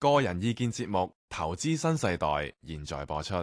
個人意見節目《投資新世代》現在播出。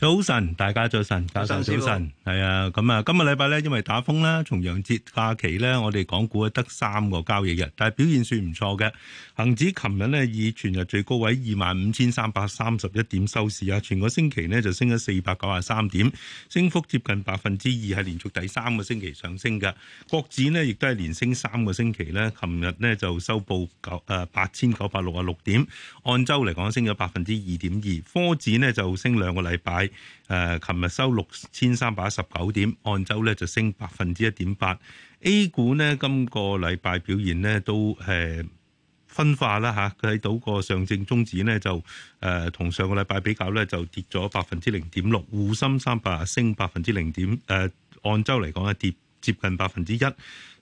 早晨，大家早晨，早晨早晨，係啊，咁啊，今個禮拜咧，因為打風啦，重陽節假期咧，我哋港股得三個交易日，但係表現算唔錯嘅。恒指琴日咧以全日最高位二萬五千三百三十一點收市啊，全個星期咧就升咗四百九十三點，升幅接近百分之二，係連續第三個星期上升嘅。國指咧亦都係連升三個星期咧，琴日呢就收報九誒八千九百六十六點，按周嚟講升咗百分之二點二。科指呢就升兩個禮拜。誒，琴日收六千三百一十九點，按周咧就升百分之一點八。A 股呢，今個禮拜表現呢都誒、呃、分化啦吓，睇到個上證綜指呢，就誒、呃、同上個禮拜比較咧就跌咗百分之零點六，滬深三百升百分之零點誒，按周嚟講啊跌接近百分之一。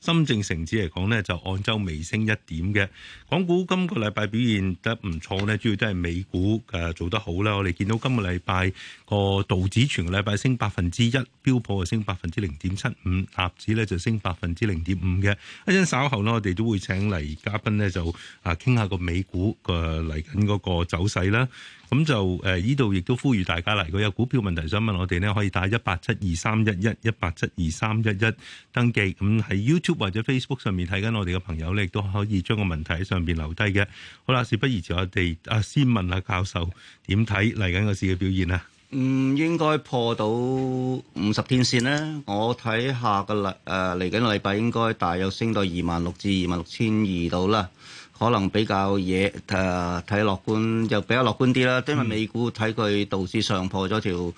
深證成指嚟講呢，就按周微升一點嘅。港股今個禮拜表現得唔錯，呢主要都係美股誒做得好啦。我哋見到今個禮拜個道指全個禮拜升百分之一，標普係升百分之零點七五，鴨指呢就升百分之零點五嘅。一陣稍後呢，我哋都會請嚟嘉賓呢，就啊傾下個美股個嚟緊嗰個走勢啦。咁就誒，呢、呃、度亦都呼籲大家嚟，如果有股票問題想問我哋呢，可以打一八七二三一一一八七二三一一登記。咁喺 YouTube 或者 Facebook 上面睇緊我哋嘅朋友咧，亦都可以將個問題喺上邊留低嘅。好啦，事不宜遲，我哋啊先問下教授點睇嚟緊個市嘅表現啊？嗯，應該破到五十天線呢，我睇下個禮誒嚟緊禮拜應該大約升到二萬六至二萬六千二度啦。可能比較野誒睇樂觀，就比較樂觀啲啦。因為美股睇佢道指上破咗條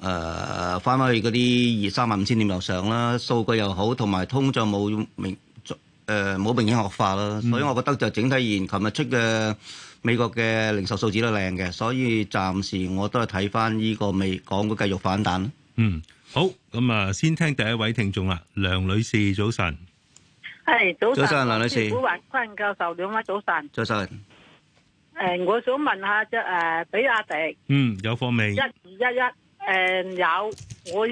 誒翻翻去嗰啲二三萬五千點以上啦，數據又好，同埋通脹冇明誒冇、呃、明顯惡化啦，所以我覺得就整體而言，琴日出嘅美國嘅零售數字都靚嘅，所以暫時我都係睇翻呢個未講嘅繼續反彈。嗯，好，咁啊，先聽第一位聽眾啊，梁女士，早晨。係早晨，梁晨女士。古華坤教授，兩位早晨。早晨。誒，我想問下隻誒、呃、比亞迪。嗯，有貨未？一二一一誒有，我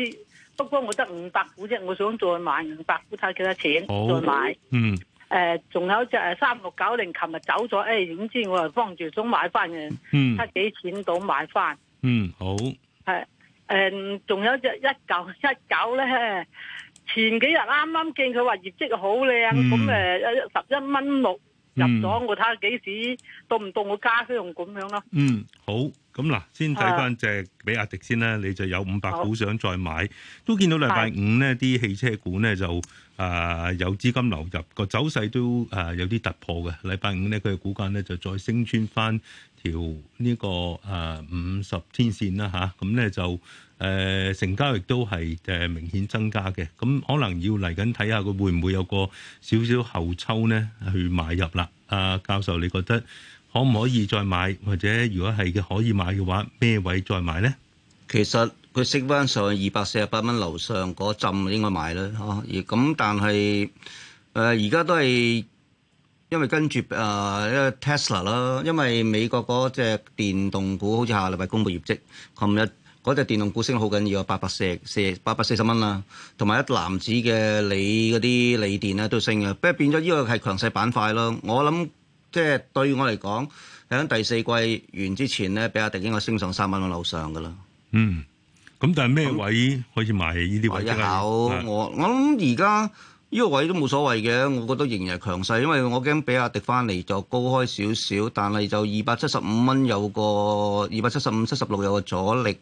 不過我得五百股啫，我想再買五百股，睇幾多錢？好再買。嗯。誒、呃，仲有隻誒三六九零，琴日走咗，誒，點知我係幫住想買翻嘅，睇、嗯、幾錢到買翻？嗯，好。係誒、呃，仲有隻一九一九咧。前幾日啱啱見佢話業績好靚，咁誒十一蚊六入咗，我睇下幾時到唔到我家鄉咁樣咯。嗯，好，咁嗱，先睇翻隻比亞迪先啦，你就有五百股想再買，都見到禮拜五咧，啲汽車股咧就啊有資金流入，個走勢都啊有啲突破嘅。禮拜五咧，佢嘅股價咧就再升穿翻。條呢、這個誒、呃、五十天線啦吓，咁咧就誒、呃、成交亦都係誒、呃、明顯增加嘅，咁、嗯、可能要嚟緊睇下佢會唔會有個少少後抽咧去買入啦。阿、啊、教授，你覺得可唔可以再買，或者如果係嘅可以買嘅話，咩位再買咧？其實佢升翻上二百四十八蚊樓上嗰浸應該買啦嚇，咁、啊、但係誒而家都係。因為跟住啊，Tesla 啦，呃、因,為 la, 因為美國嗰隻電動股好似下禮拜公布業績，琴日嗰隻電動股升好緊要，八百四四八百四十蚊啦，同埋一籃子嘅鋰嗰啲鋰電咧都升嘅，不過，變咗呢、這個係強勢板塊咯。我諗即係對我嚟講，喺第四季完之前咧，比亞迪應該升上三蚊到樓上噶啦。嗯，咁但係咩位可以買呢啲位？嗯、刻我一是我諗而家。呢個位都冇所謂嘅，我覺得仍然係強勢，因為我驚比亞迪翻嚟就高開少少，但係就二百七十五蚊有個二百七十五、七十六有個阻力，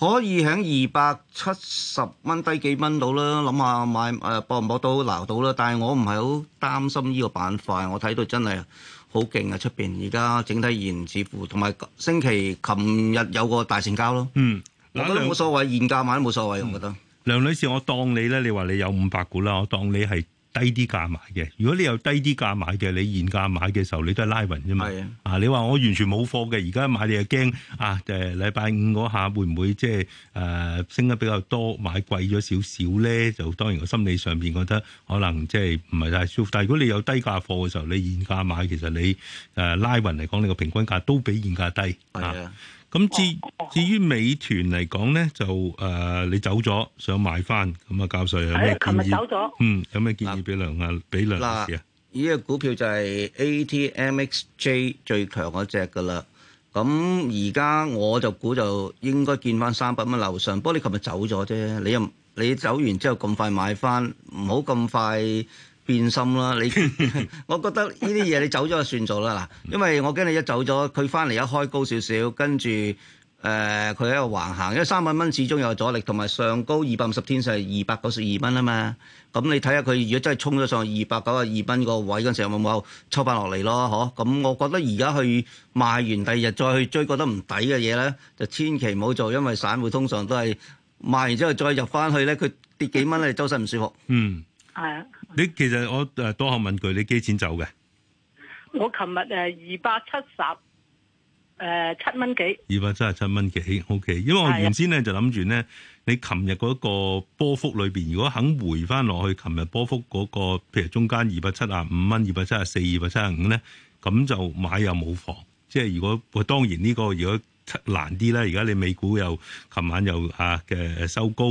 可以喺二百七十蚊低幾蚊到啦。諗下買誒博唔博到，撈到啦。但係我唔係好擔心呢個板塊，我睇到真係好勁啊！出邊而家整體現似乎同埋星期琴日有個大成交咯。嗯，我覺得冇所謂，嗯、現價買都冇所謂，我覺得。梁女士，我當你咧，你話你有五百股啦，我當你係低啲價買嘅。如果你有低啲價買嘅，你現價買嘅時候，你都係拉勻啫嘛。係的啊，啊，你話我完全冇貨嘅，而家買你又驚啊誒，禮拜五嗰下會唔會即係誒升得比較多，買貴咗少少咧？就當然個心理上邊覺得可能即係唔係太舒服。但係如果你有低價貨嘅時候，你現價買，其實你誒、呃、拉勻嚟講，你個平均價都比現價低。係啊。咁至至於美團嚟講咧，就誒、呃、你走咗想買翻，咁啊教授有咩建議？哎、琴日走咗嗯，有咩建議俾梁啊？俾梁老師啊？呢、這個股票就係 ATMXJ 最強嗰隻噶啦。咁而家我就估就應該見翻三百蚊樓上。不過你琴日走咗啫，你又你走完之後咁快買翻，唔好咁快。變心啦！你 我覺得呢啲嘢你走咗就算做啦嗱，因為我驚你一走咗，佢翻嚟一開高少少，跟住誒佢喺度橫行，因為三百蚊始終有阻力，同埋上高二百五十天線係二百九十二蚊啊嘛，咁你睇下佢如果真係衝咗上二百九十二蚊個位嗰陣時，有冇冇抽翻落嚟咯？嗬，咁我覺得而家去賣完第二日再去追覺得唔抵嘅嘢咧，就千祈唔好做，因為散戶通常都係賣完之後再入翻去咧，佢跌幾蚊咧你周身唔舒服。嗯。係 啊！你其實我誒多口問句，你幾錢走嘅？我琴日誒二百七十誒七蚊幾？二百七十七蚊幾？O K，因為我原先咧、啊、就諗住咧，你琴日嗰個波幅裏邊，如果肯回翻落去，琴日波幅嗰、嗰個，譬如中間二百七十五蚊、二百七十四、二百七十五咧，咁就買又冇房。即係如果我當然呢個如果難啲咧，而家你美股又琴晚又啊嘅、啊呃、收高。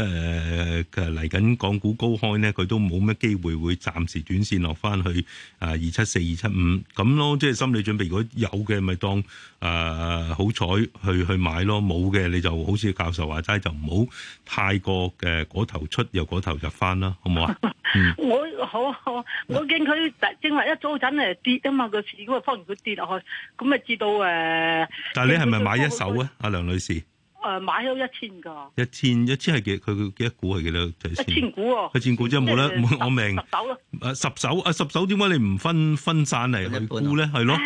誒，佢嚟緊港股高開咧，佢都冇咩機會會暫時轉線落翻去啊、呃、二七四、二七五咁咯。即係心理準備，如果有嘅咪當誒好彩去去買咯，冇嘅你就好似教授話齋，就唔好太過嘅嗰、呃、頭出又嗰頭入翻啦，好唔好啊、 嗯？ 我好好，我見佢正話一早陣誒跌啊嘛，個如果個方向佢跌落去，咁咪至到誒。呃、但係你係咪買一手啊？阿 梁女士。誒買咗一千個，一千一千係幾？佢佢幾多股係幾多？一千股喎，一千股即係冇得，我明十手咯。誒十手誒十手點解你唔分分散嚟去沽咧？係咯，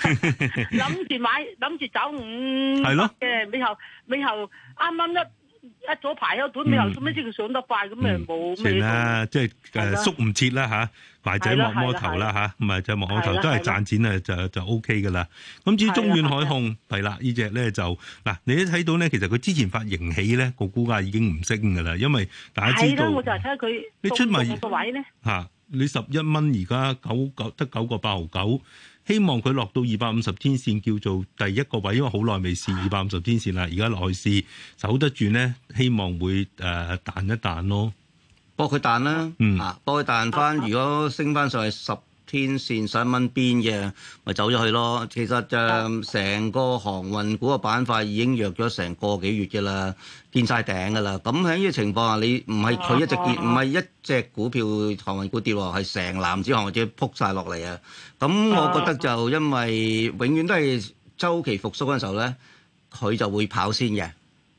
諗住買諗住走五，係咯嘅尾後尾後啱啱一。早一早排喺度，你又做咩知佢上得快？咁咪冇算啦，嗯嗯嗯、即係是誒的縮唔切啦吓，或者摸摸頭啦吓，唔係、啊、就摸摸頭都係賺錢咧，就就 O K 噶啦。咁至於中遠海控係啦，隻，呢隻咧就嗱，你一睇到咧，其實佢之前發盈喜咧，個股價已經唔升噶啦，因為大家知道。我就睇下佢。你出埋個位咧？吓，你十一蚊而家九九得九個八毫九。希望佢落到二百五十天線叫做第一個位，因為好耐未試二百五十天線啦，而家落去試守得住呢，希望會誒、呃、彈一彈咯。幫佢彈啦，啊、嗯，幫佢彈翻，如果升翻上去十天線邊線上蚊邊嘅，咪走咗去咯。其實就成、呃、個航運股嘅板塊已經弱咗成個幾月嘅啦，見晒頂嘅啦。咁喺呢個情況下，你唔係佢一直跌，唔係、啊啊、一隻股票航運股跌喎，係成籃子航或者撲晒落嚟啊。咁我覺得就因為永遠都係週期復甦嗰陣時候咧，佢就會先跑先嘅。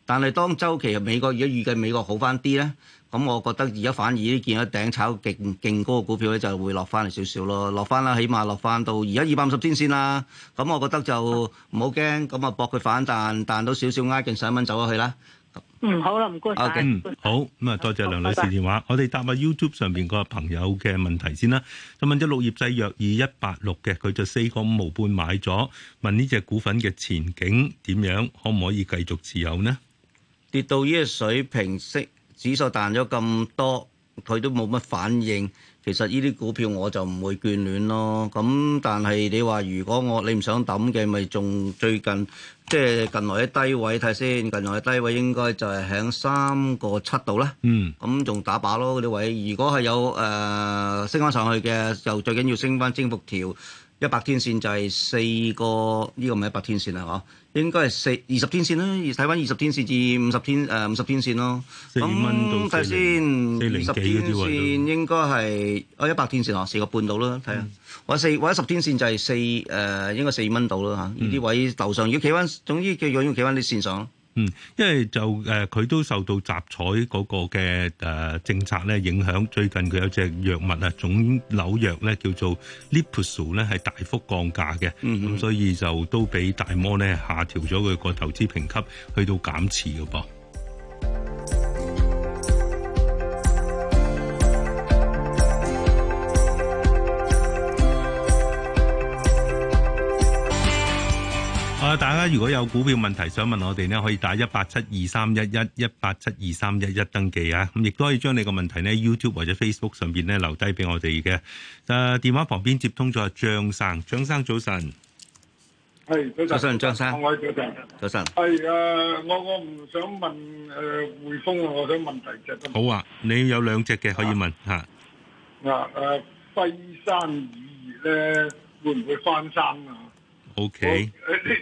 但係當週期美國如果預計美國好返啲咧。咁我覺得而家反而啲見到頂炒勁勁高嘅股票咧，就會落翻嚟少少咯，落翻啦，起碼落翻到而家二百五十天先啦。咁我覺得就唔好驚，咁啊搏佢反彈，彈到少少，挨勁上蚊走咗去啦。Okay. 嗯，好啦，唔該好咁啊，多謝梁女士電話。拜拜，我哋答下 YouTube 上邊個朋友嘅問題先啦。就問咗綠葉製藥二一八六嘅，佢就四個五毫半買咗，問呢隻股份嘅前景點樣，可唔可以繼續持有呢？跌到呢個水平息。指數彈咗咁多，佢都冇乜反應。其實呢啲股票我就唔會眷戀咯。咁但係你話如果我你唔想抌嘅，咪仲最近即係近來啲低位睇先。近來啲低位應該就係喺三個七度啦。嗯。咁仲打靶咯啲位。如果係有誒、呃、升翻上去嘅，又最緊要升翻征服條一百天線,、這個、天線，就係四個呢個咪一百天線係嘛？應該係四二十天線啦，睇翻二十天線至五十天誒五十天線咯。咁睇先，二、嗯、十天線應該係啊一百天線咯、哦，四個半度啦。睇下，嗯、或者四或者十天線就係四誒應該四蚊度啦嚇。呢、啊、啲、嗯、位樓上要企穩，總之叫要企穩啲線上。嗯，因為就誒佢、呃、都受到集採嗰個嘅誒、呃、政策咧影響，最近佢有隻藥物啊，腫瘤藥咧叫做 Liposol 咧，係大幅降價嘅，嗯,嗯，咁所以就都俾大摩咧下調咗佢個投資評級去到減持嘅噃。大家如果有股票問題想問我哋呢，可以打一八七二三一一一八七二三一一登記啊，咁亦都可以將你個問題呢 YouTube 或者 Facebook 上邊呢，留低俾我哋嘅。誒電話旁邊接通咗張生，張生早晨，係早晨，張生，早晨，hey, 早晨，係啊，我我唔想問誒匯豐啊，我想問第二隻，好啊，你有兩隻嘅可以問吓，啊誒輝、uh, uh, 山乳業咧會唔會翻生啊？O K，誒，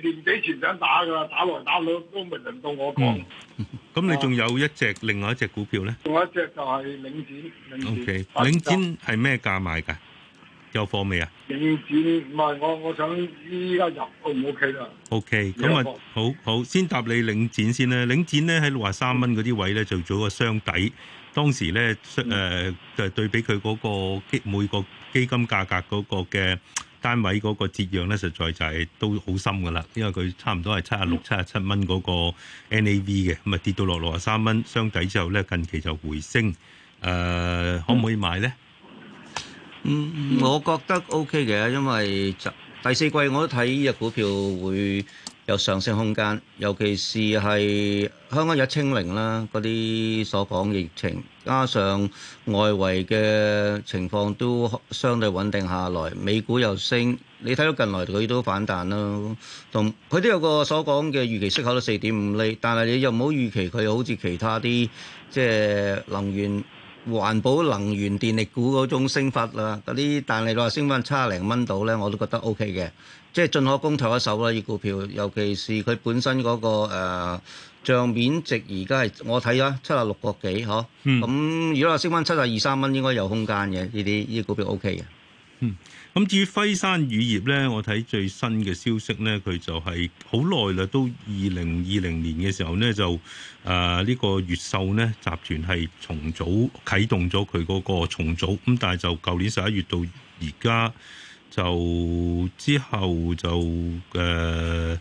你年幾前想打噶啦，打來打去都未輪到我講。咁你仲有一隻，另外一隻股票咧？仲有一隻就係領展，領展。O K，領展係咩價買噶？有貨未啊？領展唔係我，我想依家入 O 唔 O K 啦？O K，咁啊，好好，先答你領展先啦。領展咧喺六啊三蚊嗰啲位咧，做咗個雙底，當時咧誒，就對比佢嗰個基每個基金價格嗰個嘅。單位嗰個折讓咧，實在就係都好深噶啦，因為佢差唔多係七十六、七十七蚊嗰個 NAV 嘅，咁啊跌到落六十三蚊，相抵之後咧，近期就回升，誒，可唔可以買咧？嗯，我覺得 OK 嘅，因為就第四季我都睇呢隻股票會有上升空間，尤其是係香港有清零啦，嗰啲所講疫情，加上外圍嘅情況都相對穩定下來，美股又升，你睇到近來佢都反彈啦，同佢都有個所講嘅預期息口到四點五厘，但係你又唔好預期佢好似其他啲即係能源、環保、能源電力股嗰種升法啦，嗰啲但係你話升翻七零蚊度咧，我都覺得 O K 嘅。即係進可攻退可守啦，依股票，尤其是佢本身嗰、那個誒、呃、帳面值，而家係我睇咗七啊六個幾嗬，咁、嗯嗯、如果話升翻七啊二三蚊，應該有空間嘅。呢啲依股票 O K 嘅。嗯，咁至於輝山乳業咧，我睇最新嘅消息咧，佢就係好耐啦，都二零二零年嘅時候咧就誒、呃這個、呢個越秀咧集團係重組啟動咗佢嗰個重組，咁但係就舊年十一月到而家。就之後就誒、呃，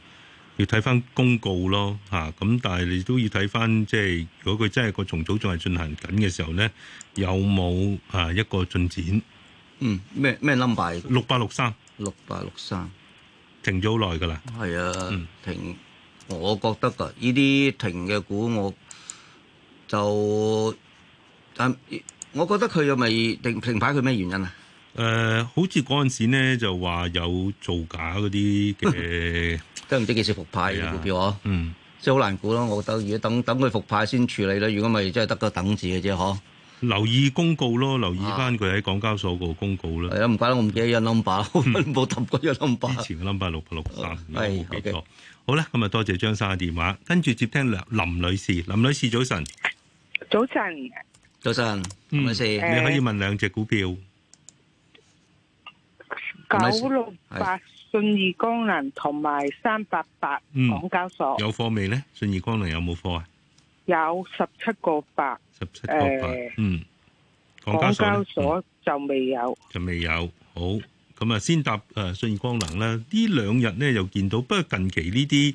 要睇翻公告咯吓，咁、啊、但係你都要睇翻，即係如果佢真係個重組仲係進行緊嘅時候咧，有冇啊一個進展？嗯，咩咩 number？六八六三，六八六三停咗好耐噶啦。係啊，嗯、停，我覺得噶呢啲停嘅股我，我就誒、啊，我覺得佢有咪停停牌，佢咩原因啊？誒，uh, 好似嗰陣時咧就話有造假嗰啲嘅都唔知幾時復牌嘅股票嗬，啊啊、嗯，即係好難估咯，我覺得如果等等佢復牌先處理啦，如果咪真係得個等字嘅啫嗬。啊、留意公告咯，留意翻佢喺港交所個公告啦。係啊，唔、啊、怪得我唔記得一 number，我冇揼過一 number。前嘅 number 六百六三係幾多。好啦，咁啊多謝張生嘅電話，跟住接聽林女士，林女士早晨，早晨，早晨，唔該、嗯、你可以問兩隻股票。九六八信義光能同埋三八八港交所、嗯、有貨未呢？信義光能有冇貨啊？有十七個八個、呃，十七個八，嗯，港交所、嗯、就未有、嗯，就未有。好，咁啊，先答誒信義光能啦。呢兩日呢，又見到，不過近期呢啲。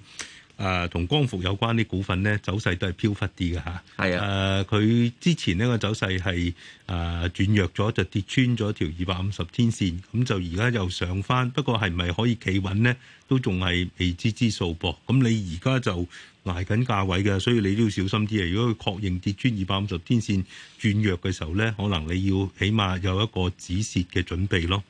誒同、啊、光伏有關啲股份咧，走勢都係飄忽啲嘅嚇，係的啊，誒佢之前呢個走勢係誒轉弱咗，就跌穿咗條二百五十天線，咁就而家又上返，不過係咪可以企穩咧都仲係未知之數噃。咁你而家就挨緊價位嘅，所以你都要小心啲啊。如果佢確認跌穿二百五十天線轉弱嘅時候咧，可能你要起碼有一個止蝕嘅準備咯。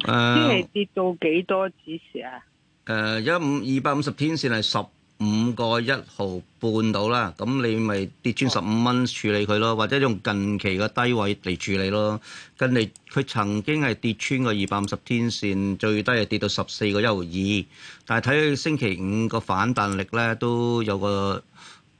誒，即係跌到幾多止蝕啊？誒一五二百五十天線係十五個一毫半度啦，咁你咪跌穿十五蚊處理佢咯，或者用近期嘅低位嚟處理咯。近嚟佢曾經係跌穿個二百五十天線，最低係跌到十四個一毫二，但係睇佢星期五個反彈力咧，都有個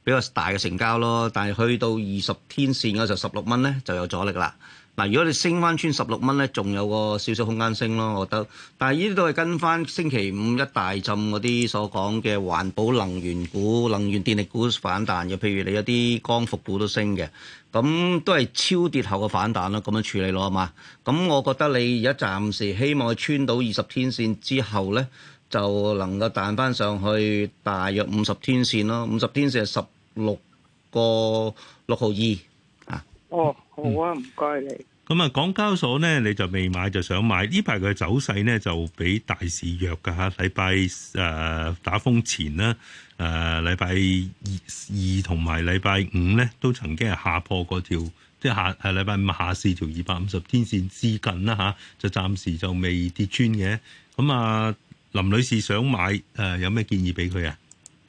比較大嘅成交咯。但係去到二十天線嗰時候，十六蚊咧就有阻力啦。嗱，如果你升翻穿十六蚊咧，仲有個少少空間升咯，我覺得。但係呢啲都係跟翻星期五一大浸嗰啲所講嘅環保能源股、能源電力股反彈嘅，譬如你有啲光伏股都升嘅，咁都係超跌後嘅反彈咯。咁樣處理咯，係嘛？咁我覺得你而家暫時希望佢穿到二十天線之後咧，就能夠彈翻上去大約五十天線咯。五十天線係十六個六毫二。哦，好啊，唔該你。咁啊、嗯，港交所呢，你就未買就想買？呢排佢嘅走勢呢，就比大市弱噶吓。禮拜誒打風前啦，誒禮拜二同埋禮拜五呢，都曾經係下破嗰條，即係下係禮拜五下四條二百五十天線之近啦吓、啊，就暫時就未跌穿嘅。咁啊，林女士想買誒、呃，有咩建議俾佢啊？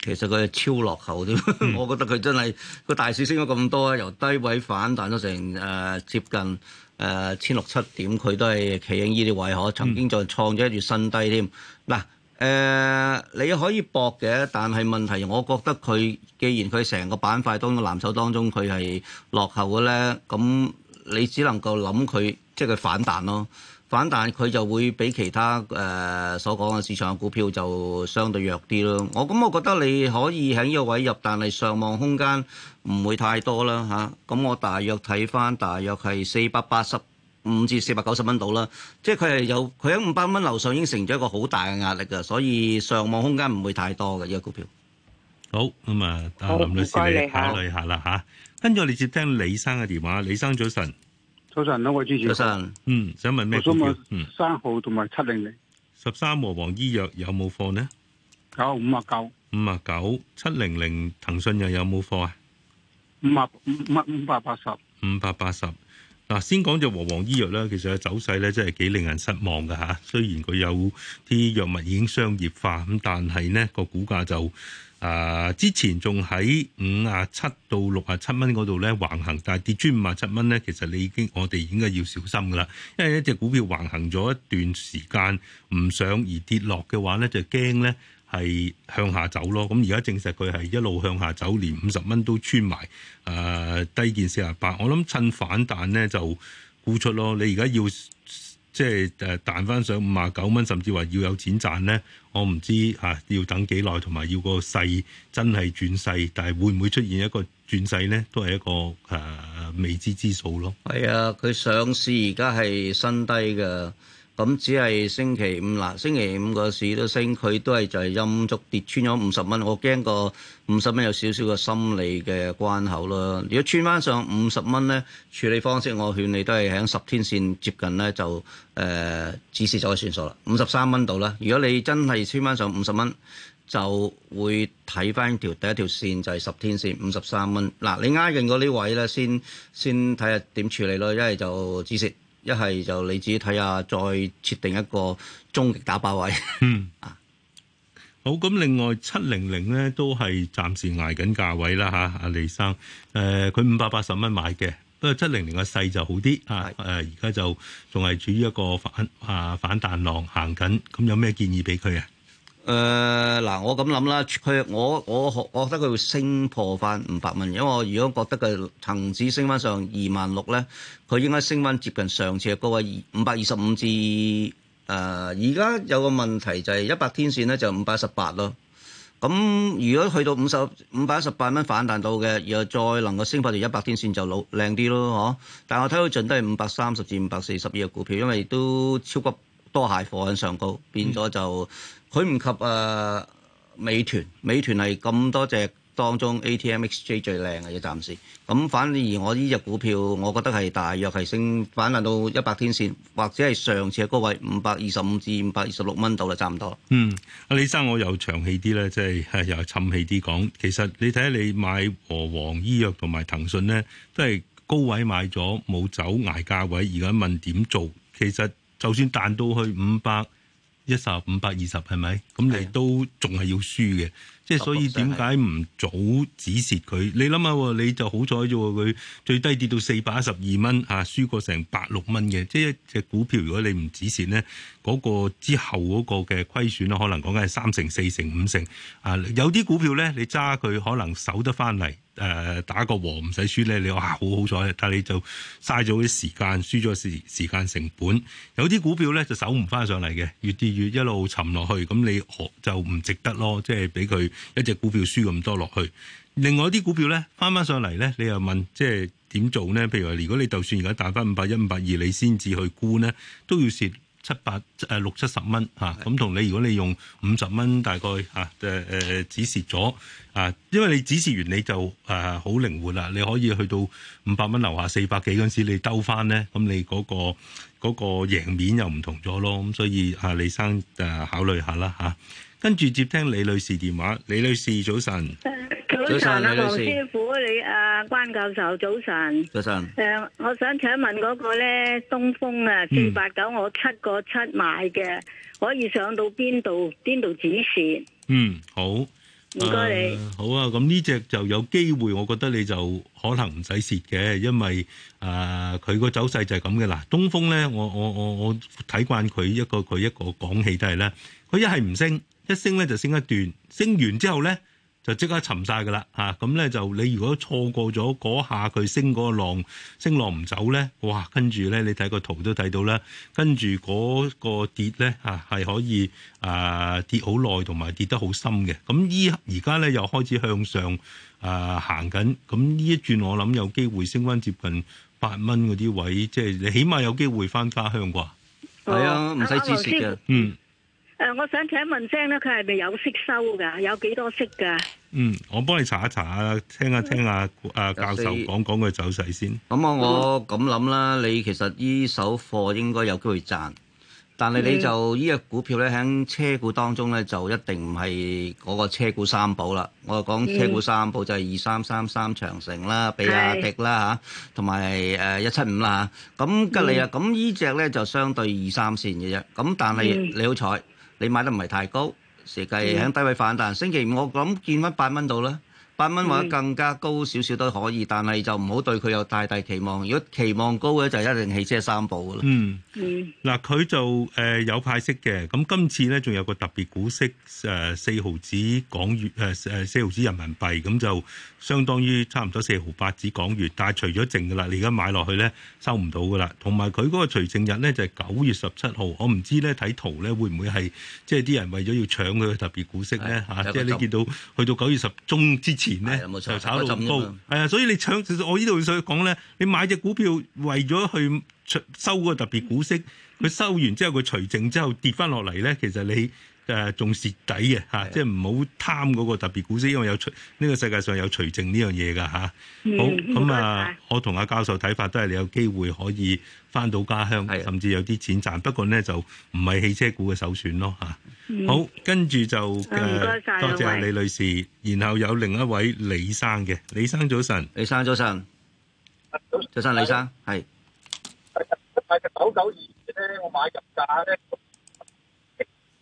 其實佢係超落後添， 我覺得佢真係個大市升咗咁多，由低位反彈咗成誒、呃、接近誒千六七點，佢都係企喺呢啲位可曾經再創咗一條新低添嗱誒，你可以搏嘅，但係問題，我覺得佢既然佢成個板塊當中藍籌當中佢係落後嘅咧，咁你只能夠諗佢即係佢反彈咯。反彈佢就會比其他誒、呃、所講嘅市場股票就相對弱啲咯。我咁、嗯，我覺得你可以喺呢個位入，但係上網空間唔會太多啦嚇。咁、啊嗯、我大約睇翻，大約係四百八十五至四百九十蚊到啦。即係佢係有佢喺五百蚊樓上已經成咗一個好大嘅壓力嘅，所以上網空間唔會太多嘅呢、這個股票。好咁啊，林女士你考慮下啦嚇。跟住好我哋接聽李生嘅電話，李生早晨。早晨，兩位主持。早晨，嗯，想問咩今日三號同埋七零零。十、嗯、三和黃醫藥有冇貨呢？九五啊九，五啊九，七零零騰訊又有冇貨啊？五啊五蚊五百八十，五百八十。嗱，先講就和黃醫藥啦。其實嘅走勢咧，真係幾令人失望嘅吓。雖然佢有啲藥物已經商業化，咁但係呢個股價就。啊！之前仲喺五十七到六十七蚊嗰度咧橫行，但係跌穿五十七蚊咧，其實你已經我哋應該要小心噶啦，因為一隻股票橫行咗一段時間唔上而跌落嘅話咧，就驚咧係向下走咯。咁而家證實佢係一路向下走，連五十蚊都穿埋啊、呃、低見四十八。我諗趁反彈咧就沽出咯。你而家要？即係誒彈翻上五十九蚊，甚至話要有錢賺咧，我唔知嚇、啊、要等幾耐，同埋要個勢真係轉勢，但係會唔會出現一個轉勢咧，都係一個誒、啊、未知之數咯。係啊，佢上市而家係新低㗎。咁只係星期五嗱，星期五個市都升，佢都係就係陰足跌穿咗五十蚊，我驚個五十蚊有少少個心理嘅關口咯。如果穿翻上五十蚊咧，處理方式我勸你都係喺十天線接近咧就誒止蝕就可以算數啦。五十三蚊度啦，如果你真係穿翻上五十蚊，就會睇翻條第一條線就係十天線五十三蚊嗱，你挨近嗰啲位咧，先先睇下點處理咯，一係就止蝕。一係就你自己睇下，再設定一個終極打爆位。 嗯位，啊，好。咁另外七零零咧，都係暫時捱緊價位啦，嚇。阿李生，誒、呃，佢五百八十蚊買嘅，不過七零零嘅勢就好啲啊。誒、呃，而家就仲係處於一個反啊反彈浪行緊，咁有咩建議俾佢啊？誒嗱、呃，我咁諗啦，佢我我我覺得佢會升破翻五百蚊，因為我如果覺得佢恒指升翻上二萬六咧，佢應該升翻接近上次嘅高位，五百二十五至，誒而家有個問題就係一百天線咧就五百一十八咯。咁、嗯、如果去到五十五百一十八蚊反彈到嘅，然後再能夠升破條一百天線就老靚啲咯，嗬？但我睇到盡都係五百三十至五百四十嘅股票，因為都超級多蟹貨喺上高，嗯、變咗就。佢唔及誒美團，美團係咁多隻當中 ATMXJ 最靚嘅嘢，暫時咁。反而我呢隻股票，我覺得係大約係升反彈到一百天線，或者係上次嘅高位五百二十五至五百二十六蚊度就差唔多。嗯，阿李生，我又長氣啲咧，即係又係沉氣啲講。其實你睇下，你買和黃醫藥同埋騰訊呢，都係高位買咗冇走捱價位，而家問點做？其實就算彈到去五百。一千五百二十，係咪？咁你都仲係要輸嘅，即係的所以點解唔早止蝕佢？的你諗下，你就好彩啫。佢最低跌到四百一十二蚊，嚇、啊、輸過成百六蚊嘅，即係一隻股票如果你唔止蝕咧，嗰、那個之後嗰個嘅虧損啦，可能講緊係三成、四成、五成啊！有啲股票咧，你揸佢可能守得翻嚟，誒、呃，打個和唔使輸咧，你話好好彩，但係你就嘥咗啲時間，輸咗時時間成本。有啲股票咧就守唔翻上嚟嘅，越跌越一路沉落去，咁你。就唔值得咯，即係俾佢一隻股票輸咁多落去。另外啲股票咧，翻翻上嚟咧，你又問即係點做咧？譬如話，如果你就算而家打翻五百一、五百二，你先至去沽咧，都要蝕七百誒六七十蚊嚇。咁、啊、同、啊、你如果你用五十蚊大概嚇誒誒止蝕咗啊，因為你止蝕完你就誒好靈活啦，你可以去到五百蚊樓下四百幾嗰陣時，你兜翻咧，咁你嗰、那個。嗰個贏面又唔同咗咯，咁所以啊，李生誒、啊、考慮下啦嚇。跟、啊、住接，接聽李女士電話，李女士早晨，早晨啊，唐師傅你啊，關教授早晨，早晨誒、呃，我想請問嗰個咧，東風啊，四八九我七個七買嘅，嗯、可以上到邊度？邊度指示？嗯，好。唔該你好啊！咁呢隻就有機會，我覺得你就可能唔使蝕嘅，因為啊，佢、呃、個走勢就係咁嘅啦。東風咧，我我我我睇慣佢一個佢一個講起都係咧，佢一係唔升，一升咧就升一段，升完之後咧。就即刻沉晒噶啦嚇，咁、啊、咧、嗯、就你如果錯過咗嗰下佢升嗰個浪，升浪唔走咧，哇！跟住咧你睇個圖都睇到啦，跟住嗰個跌咧嚇係可以啊跌好耐同埋跌得好深嘅，咁依而家咧又開始向上啊行緊，咁呢、啊、一轉我諗有機會升翻接近八蚊嗰啲位，即、就、係、是、你起碼有機會翻家鄉啩？係啊，唔使止蝕嘅，嗯。嗯嗯。誒、呃，我想請問聲咧，佢係咪有息收噶？有幾多息噶？嗯，我幫你查一查啦，聽一聽阿阿教授講講佢走勢先。咁啊、嗯，我咁諗啦，你其實呢手貨應該有機會賺，但係你就呢隻、嗯、股票咧，喺車股當中咧，就一定唔係嗰個車股三寶啦。我就講車股三寶就係二三三三長城、嗯、亞啦、比亞迪啦吓，同埋誒一七五啦吓。咁吉利啊，咁呢隻咧就相對二三線嘅啫。咁但係你好彩。你買得唔係太高，實際喺低位反彈。嗯、星期五我諗見翻八蚊度啦。八蚊或者更加高少少都可以，嗯、但係就唔好對佢有太大期望。如果期望高嘅就一定汽車三部嘅啦。嗯嗱佢、嗯、就誒有派息嘅，咁今次咧仲有個特別股息誒四毫子港元，誒誒四毫子人民幣，咁就相當於差唔多四毫八子港元，但係除咗淨嘅啦，你而家買落去咧收唔到嘅啦。同埋佢嗰個除淨日咧就係、是、九月十七號，我唔知咧睇圖咧會唔會係即係啲人為咗要搶佢嘅特別股息咧嚇，即係的、啊、你見到去到九月十中之前。係啊，冇錯，炒到咁高，係啊，所以你搶，其實我呢度想講咧，你買隻股票為咗去收個特別股息。佢收完之後，佢除淨之後跌翻落嚟咧，其實你誒仲蝕底嘅嚇，即係唔好貪嗰個特別股息，因為有除呢個世界上有除淨呢樣嘢噶嚇。好，咁啊，我同阿教授睇法都係你有機會可以翻到家鄉，甚至有啲錢賺。不過咧就唔係汽車股嘅首選咯嚇。好，跟住就多謝李女士。然後有另一位李生嘅，李生早晨，李生早晨，早晨李生係。但係九九二咧，我買入價咧，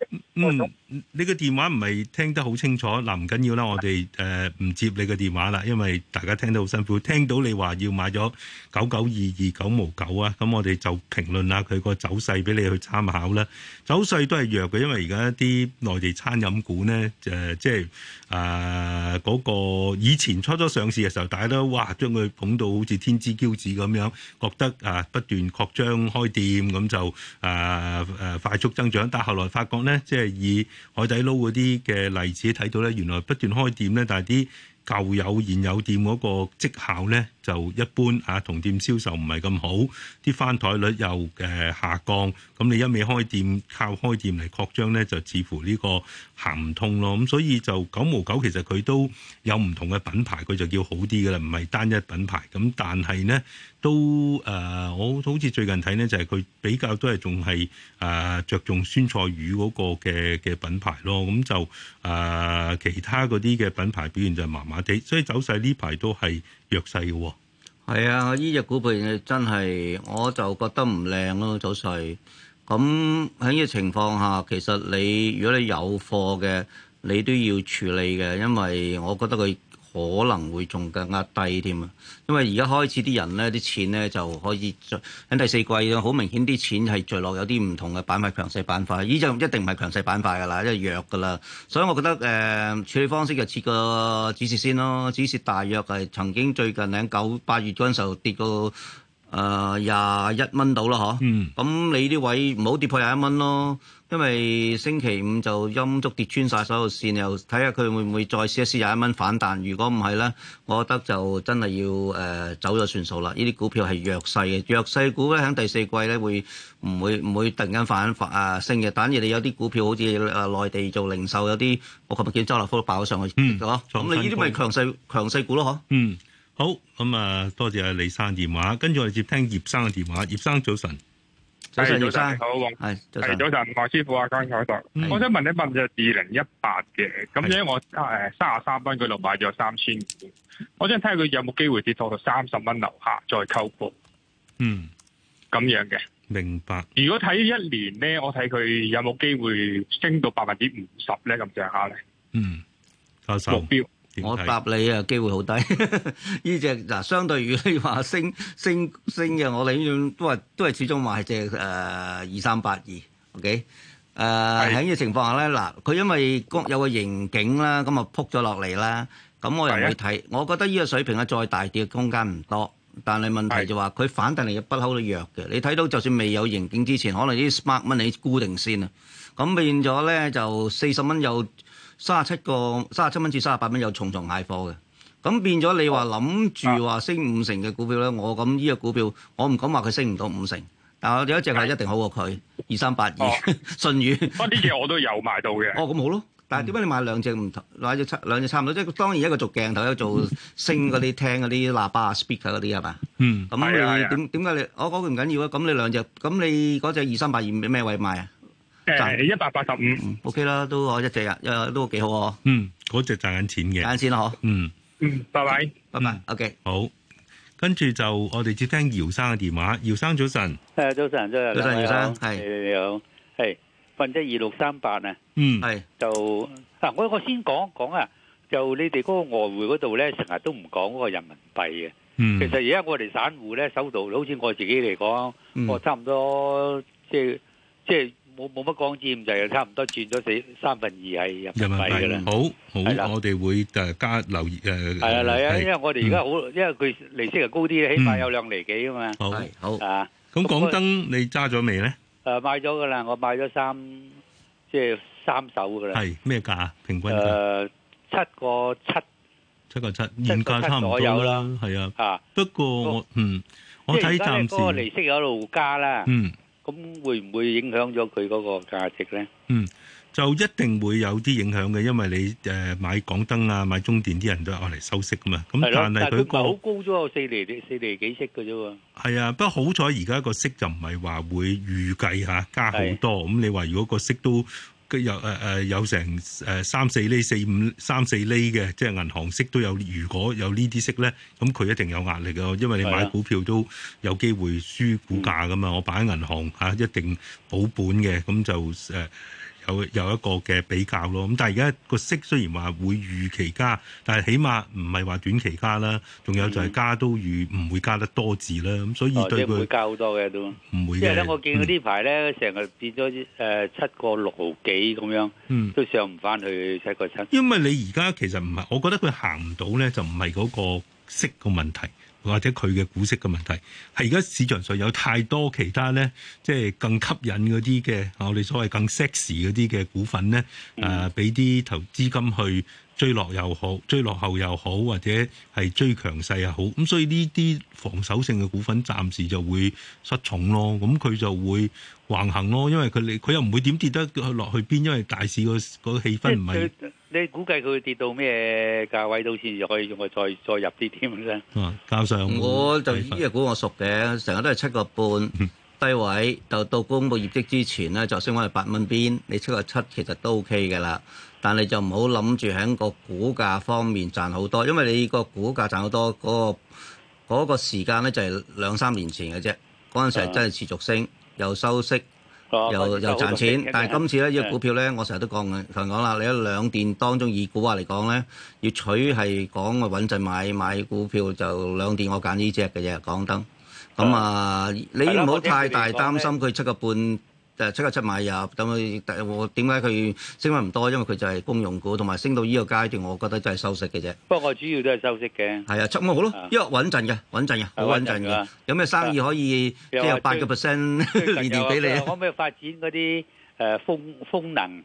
嗯、hmm.。你個電話唔係聽得好清楚，嗱、啊、唔緊要啦，我哋誒唔接你個電話啦，因為大家聽得好辛苦，聽到你話要買咗九九二二九毛九啊，咁我哋就評論下佢個走勢俾你去參考啦。走勢都係弱嘅，因為而家啲內地餐飲股呢，誒、就是，即係啊嗰個以前初初上市嘅時候，大家都哇將佢捧到好似天之驕子咁樣，覺得啊、呃、不斷擴張開店，咁就啊誒、呃呃、快速增長，但係後來發覺咧，即係以海底撈嗰啲嘅例子睇到呢，原來不斷開店呢。但係啲舊有現有店嗰個績效呢，就一般嚇，同店銷售唔係咁好，啲翻台率又嘅下降，咁你一味開店，靠開店嚟擴張呢，就似乎呢個行唔通咯。咁所以就九毛九其實佢都有唔同嘅品牌，佢就叫好啲嘅啦，唔係單一品牌。咁但係呢。都誒、呃，我好似最近睇咧，就係、是、佢比較都係仲係誒着重酸菜魚嗰個嘅嘅品牌咯，咁、嗯、就誒、呃、其他嗰啲嘅品牌表現就麻麻地，所以走勢呢排都係弱勢嘅。係啊，呢隻股票真係，我就覺得唔靚咯，走勢。咁喺呢個情況下，其實你如果你有貨嘅，你都要處理嘅，因為我覺得佢。可能會仲更加低添啊！因為而家開始啲人咧，啲錢咧就可以在喺第四季好明顯啲錢係聚落有啲唔同嘅板塊，強勢板塊，依就一定唔係強勢板塊噶啦，因為弱噶啦。所以我覺得誒、呃、處理方式就設個指示先咯。指示大約係曾經最近喺九八月嗰陣時候跌到誒廿一蚊到咯，嗬、嗯。咁你啲位唔好跌破廿一蚊咯。因為星期五就陰燭跌穿晒所有線，又睇下佢會唔會再試一試廿一蚊反彈。如果唔係咧，我覺得就真係要誒、呃、走咗算數啦。呢啲股票係弱勢嘅弱勢股咧，喺第四季咧會唔會唔會突然間反反、啊、升嘅？但係你有啲股票好似誒內地做零售有啲，我琴日見周立福都爆咗上去，咁你呢啲咪強勢強勢股咯？嗬，嗯，好，咁、嗯、啊，多謝阿李生電話，跟住我哋接聽葉生嘅電話。葉生早晨。早晨早，上早上好係早晨，王上師傅啊，嘉慶同學，我想問一問就二零一八嘅，咁因是的 我誒三廿三蚊嗰度買咗三千股，我想睇下佢有冇機會跌到到三十蚊樓下再溝貨。嗯，咁樣嘅，明白。如果睇一年咧，我睇佢有冇機會升到百分之五十咧咁上下咧？嗯，目標。我答你啊，機會好低。呢隻嗱，相對於你話升 升升嘅，我寧願都係都係始終買隻誒二三八二。O K 誒喺呢個情況下咧，嗱佢因為有個盈警啦，咁啊撲咗落嚟啦。咁我又去睇，的我覺得呢個水平啊，再大啲嘅空間唔多。但係問題就話佢是反彈力又不嬲都弱嘅。你睇到就算未有盈警之前，可能啲 smart money 你固定先。啊。咁變咗咧就四十蚊又。三十七個，三十七蚊至三十八蚊有重重嗌貨嘅，咁變咗你話諗住話升五成嘅股票咧，我咁呢隻股票，我唔敢話佢升唔到五成，但係我有一隻係一定好過佢，二三八二舜宇雨，呢啲嘢我都有買到嘅。 哦，咁好咯，但係點解你買兩隻唔同，兩隻差兩隻差唔多？即係當然一個做鏡頭， 一個做升嗰啲聽嗰啲喇叭啊 speaker 嗰啲係嘛？嗯，咁你點點解你？我講句唔緊要啊，咁你兩隻，咁你嗰隻二三八二咩位賣啊？誒，一百八十五，OK 啦，都我一隻人，都幾好嗬。嗯，嗰隻賺緊錢嘅，賺緊錢啦嗬。嗯，嗯，拜拜，拜拜，OK，好。跟住就我哋接聽姚生嘅電話，姚生早晨。誒，早晨，早晨，早晨，姚生，係你好，係百分之二六三八啊。嗯，係就嗱，我我先講一講啊。就你哋嗰個外匯嗰度咧，成日都唔講嗰個人民幣嘅。嗯，其實而家我哋散戶咧，手度好似我自己嚟講，我差唔多即係即係。冇冇乜港幣，就係差唔多轉咗四三分二係人民幣噶啦。好，係啦，我哋會誒加留意誒。係啊，嗱，因為因為我哋而家好，因為佢利息係高啲，起碼有兩厘幾啊嘛。好，好啊。咁港燈你揸咗未咧？誒，買咗噶啦，我買咗三，即係三手噶啦。係咩價？平均價？誒，七個七，七個七，現價差唔多啦。係啊。吓，不過我嗯，我睇暫時嗰個利息有落加啦。嗯。咁會唔會影響咗佢嗰個價值咧？嗯，就一定會有啲影響嘅，因為你誒買港燈啊、買中電啲人都係攞嚟收息噶嘛。咁但係佢高好高咗，四厘四厘幾息嘅啫。係啊，不過好彩而家個息就唔係話會預計吓加好多。咁你話如果個息都？佢有誒誒有成誒、呃、三四厘四五三四厘嘅，即係銀行息都有。如果有呢啲息咧，咁佢一定有壓力㗎！因為你買股票都有機會輸股價噶嘛，嗯、我擺喺銀行嚇、啊、一定保本嘅，咁就誒。呃有有一個嘅比較咯，咁但係而家個息雖然話會預期加，但係起碼唔係話短期加啦，仲有就係加都預唔會加得多字啦，咁所以對佢唔、哦、會加好多嘅都唔會。因為咧，我見到呢排咧成日變咗誒七個六毫幾咁樣，都上唔翻去七個七。嗯、因為你而家其實唔係，我覺得佢行唔到咧，就唔係嗰個息個問題。或者佢嘅股息嘅問題，係而家市場上有太多其他咧，即係更吸引嗰啲嘅，我哋所謂更 sexy 嗰啲嘅股份咧，誒俾啲投資金去追落又好，追落後又好，或者係追強勢又好，咁所以呢啲防守性嘅股份暫時就會失重咯，咁佢就會橫行咯，因為佢你佢又唔會點跌得落去邊，因為大市個、嗰個氣氛唔係。你估計佢跌到咩價位度先至可以用去再再入啲添咧？啊，較上我就呢隻估我熟嘅，成日都係七個半低位， 就到公佈業績之前咧，就升翻去八蚊邊。你七個七，其實都 OK 嘅啦，但係就唔好諗住喺個股價方面賺好多，因為你個股價賺好多嗰、那個嗰、那個時間咧就係兩三年前嘅啫，嗰陣時係真係持續升 又收息。嗯、又又賺錢錢，但係今次咧，依個股票咧，的我成日都講緊同人講啦，你喺兩電當中，以股話嚟講咧，要取係講個穩陣買買股票就兩電，我揀呢隻嘅啫，港燈。咁啊，的你唔好太大擔心佢七個半，誒，七九七買入，咁我點解佢升翻唔多？因為佢就係公用股，同埋升到呢個階段，我覺得就係收息嘅啫。不過我主要都係收息嘅。係啊，七蚊好咯，因為穩陣嘅，穩陣嘅，好穩陣嘅。有咩生意可以即係八個 percent 利尿俾你啊？可唔可以發展嗰啲誒風風能？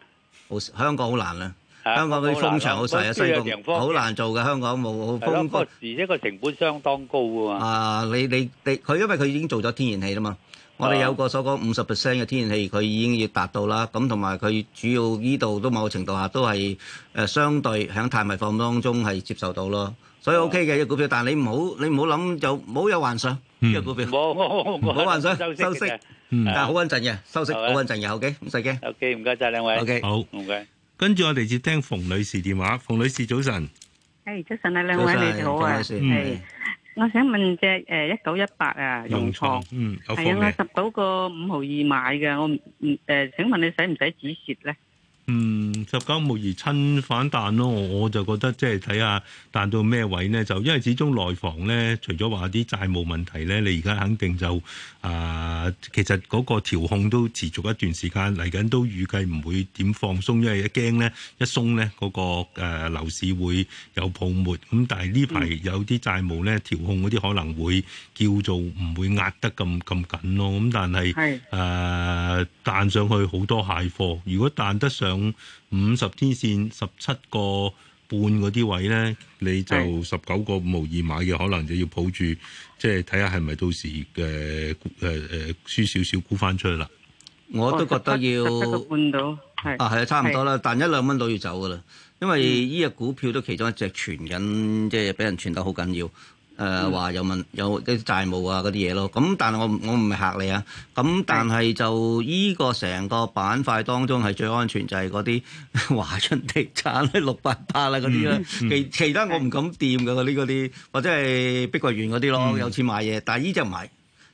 香港好難啊！香港啲風場好細啊，西貢好難做嘅。香港冇風。嗰時一個成本相當高啊！啊，你你你，佢因為佢已經做咗天然氣啦嘛。我哋有個所講五十 percent 嘅天然氣，佢已經要達到啦。咁同埋佢主要依度都某程度下都係誒相對喺碳排放當中係接受到咯。所以 OK 嘅啲股票，但係你唔好你唔好諗就冇有幻想。啲股票冇冇冇幻想，收息嘅，但係好穩陣嘅，收息好穩陣嘅，OK，唔使驚。OK，唔該曬兩位。OK，好。OK，跟住我哋接聽馮女士電話。馮女士早晨。誒早晨啊，兩位，你好啊。嗯。我想問隻誒一九一八啊，融創，嗯，係啊、嗯，我十到個五毫二買嘅，我唔唔誒，請問你使唔使止蝕咧？嗯，十九末而親反彈咯，我就覺得即係睇下彈到咩位咧，就因為始終內房咧，除咗話啲債務問題咧，你而家肯定就啊、呃，其實嗰個調控都持續一段時間嚟緊都預計唔會點放鬆，因為一驚咧，一鬆咧，嗰個誒呃、樓市會有泡沫。咁、嗯、但係呢排有啲債務咧，調控嗰啲可能會叫做唔會壓得咁咁緊咯。咁但係誒彈上去好多蟹貨，如果彈得上。五十天線十七個半嗰啲位咧，你就十九個無意買嘅，可能就要抱住，即係睇下係咪到時嘅誒誒輸少少沽翻出去啦。我都覺得要、哦、十七個半到，係啊，係啊，差唔多啦，的但一兩蚊到要走噶啦，因為依隻股票都其中一隻傳緊，即係俾人傳得好緊要。誒話、呃嗯、有問有啲債務啊嗰啲嘢咯，咁但係我我唔係嚇你啊，咁但係就依個成個板塊當中係最安全，就係嗰啲華潤地產六百八啦嗰啲啦，啊嗯嗯、其其他我唔敢掂㗎嗰啲嗰啲，或者係碧桂園嗰啲咯，嗯、有錢買嘢，但係依啲唔係，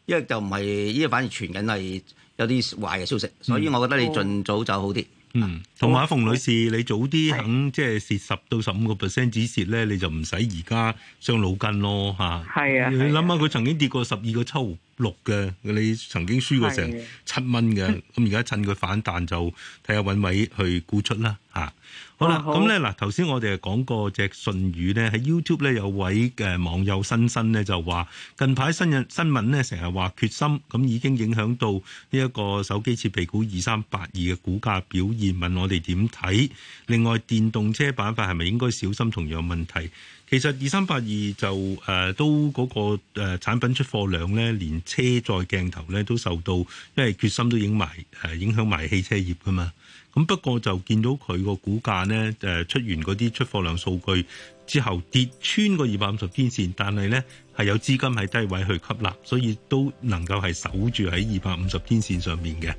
因為就唔係依個反而傳緊係有啲壞嘅消息，所以我覺得你盡早就好啲。嗯哦嗯，同埋阿馮女士，嗯、你早啲肯的即係蝕十到十五個 percent 止蝕咧，你就唔使而家傷腦筋咯吓，係啊的，你諗下佢曾經跌過十二個抽。六嘅，你曾經輸過成七蚊嘅，咁而家趁佢反彈就睇下揾位去沽出啦嚇。好啦，咁咧嗱，頭先我哋係講過隻舜宇咧，喺 YouTube 咧有位嘅網友新新咧就話近排新日新聞咧成日話決心咁已經影響到呢一個手機設備股二三八二嘅股價表現，問我哋點睇？另外電動車板塊係咪應該小心同樣問題？其實二三八二就誒、呃、都嗰、嗰個誒、呃、產品出貨量咧，連車載鏡頭咧都受到，因為決心都影埋誒、呃，影響埋汽車業噶嘛。咁不過就見到佢個股價咧誒、呃、出完嗰啲出貨量數據之後，跌穿個二百五十天線，但係咧係有資金喺低位去吸納，所以都能夠係守住喺二百五十天線上面嘅。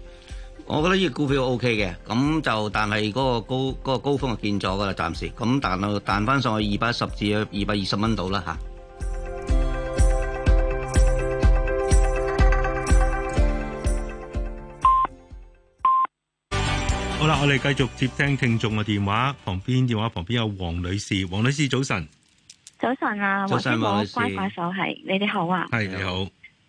我覺得呢個股票 O K 嘅，咁就但係嗰個高，嗰個高峰就見咗噶啦，暫時咁但係彈翻上去二百一十至二百二十蚊度啦吓。好啦，我哋繼續接聽聽眾嘅電話，旁邊電話旁邊有黃女士，黃女士早晨，早晨啊，早晨黃女士，乖快手係，你哋好啊，係你好。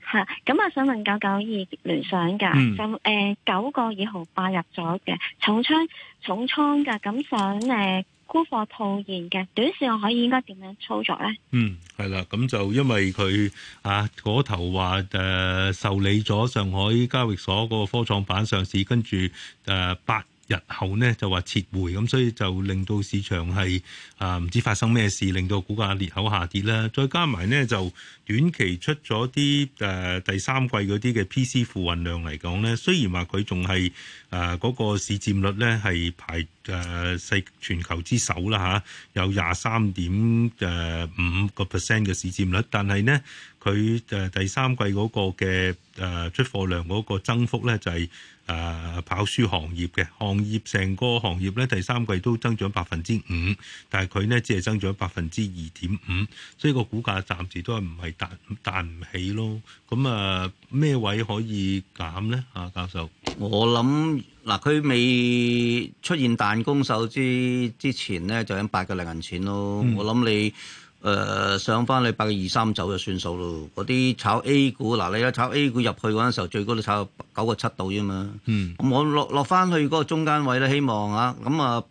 係，咁我想問九九二聯想嘅，咁誒九個二毫八入咗嘅，重倉重倉嘅，咁想誒沽貨套現嘅，短時我可以應該點樣操作咧？嗯，係啦，咁 就、嗯、因為佢啊嗰頭話誒受理咗上海交易所嗰個科創板上市，跟住誒八。日後呢就話撤回，咁所以就令到市場係啊唔知發生咩事，令到股價裂口下跌啦。再加埋呢，就短期出咗啲誒第三季嗰啲嘅 PC 付運量嚟講呢，雖然話佢仲係誒嗰個市佔率呢係排。誒世、呃、全球之首啦嚇、啊，有廿三點誒五個 percent 嘅市佔率，但係呢，佢誒、呃、第三季嗰個嘅誒、呃、出貨量嗰個增幅咧就係、是、誒、呃、跑輸行業嘅行業成個行業咧第三季都增長百分之五，但係佢呢，只係增長百分之二點五，所以個股價暫時都唔係彈彈唔起咯。咁啊咩位可以減呢？嚇、啊、教授？我諗。嗱，佢未出現彈弓手之之前咧，就咁八個零銀錢咯。嗯、我諗你誒、呃、上翻去八個二三走就算數咯。嗰啲炒 A 股，嗱、啊、你而家炒 A 股入去嗰陣時候，最高都炒九個七度啫嘛。咁、嗯、我落落翻去嗰個中間位咧，希望啊，咁啊，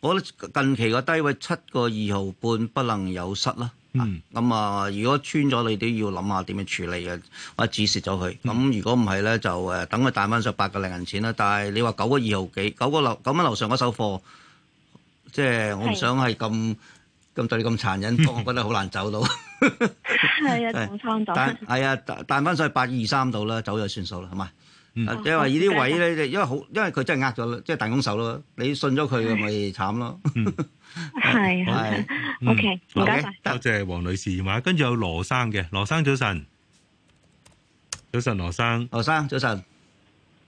我得近期個低位七個二毫半不能有失啦、啊。咁、嗯、啊！如果穿咗，你都要諗下點樣處理啊，或者止蝕咗佢。咁、嗯、如果唔係咧，就誒等佢彈翻上八個零銀錢啦。但係你話九個二毫幾，九個九蚊樓上嗰手貨，即係我唔想係咁咁對你咁殘忍，我覺得好難走到。係啊是，重倉到。係啊對，彈翻上去八二三度啦，走咗算數啦，係咪？即係話呢啲位咧，因為好，因為佢真係呃咗，即係彈弓手咯。你信咗佢，咪慘咯。係係，OK，好嘅，多謝黃女士電話。跟住有羅生嘅，羅生早晨，早晨羅生，羅生早晨。